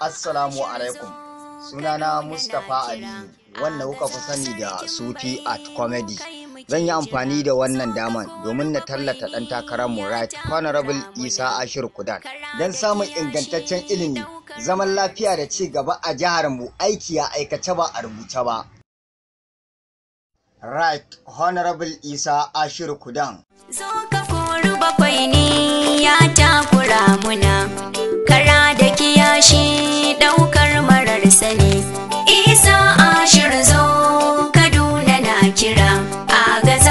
Assalamu alaikum. Sunana Mustapha Ali, wanda kuka fi sani da Sufi at Comedy. Zan yi amfani da wannan daman domin na tallata ɗan takarar mu Right Honorable Isa Ashir Kudan. Don samun ingantaccen ilimi, zaman lafiya da ci gaba a jihar mu aiki a aikace ba a rubuce ba. Right Honorable Isa Ashir Kudan. Zo ka bakwai ya takura kira a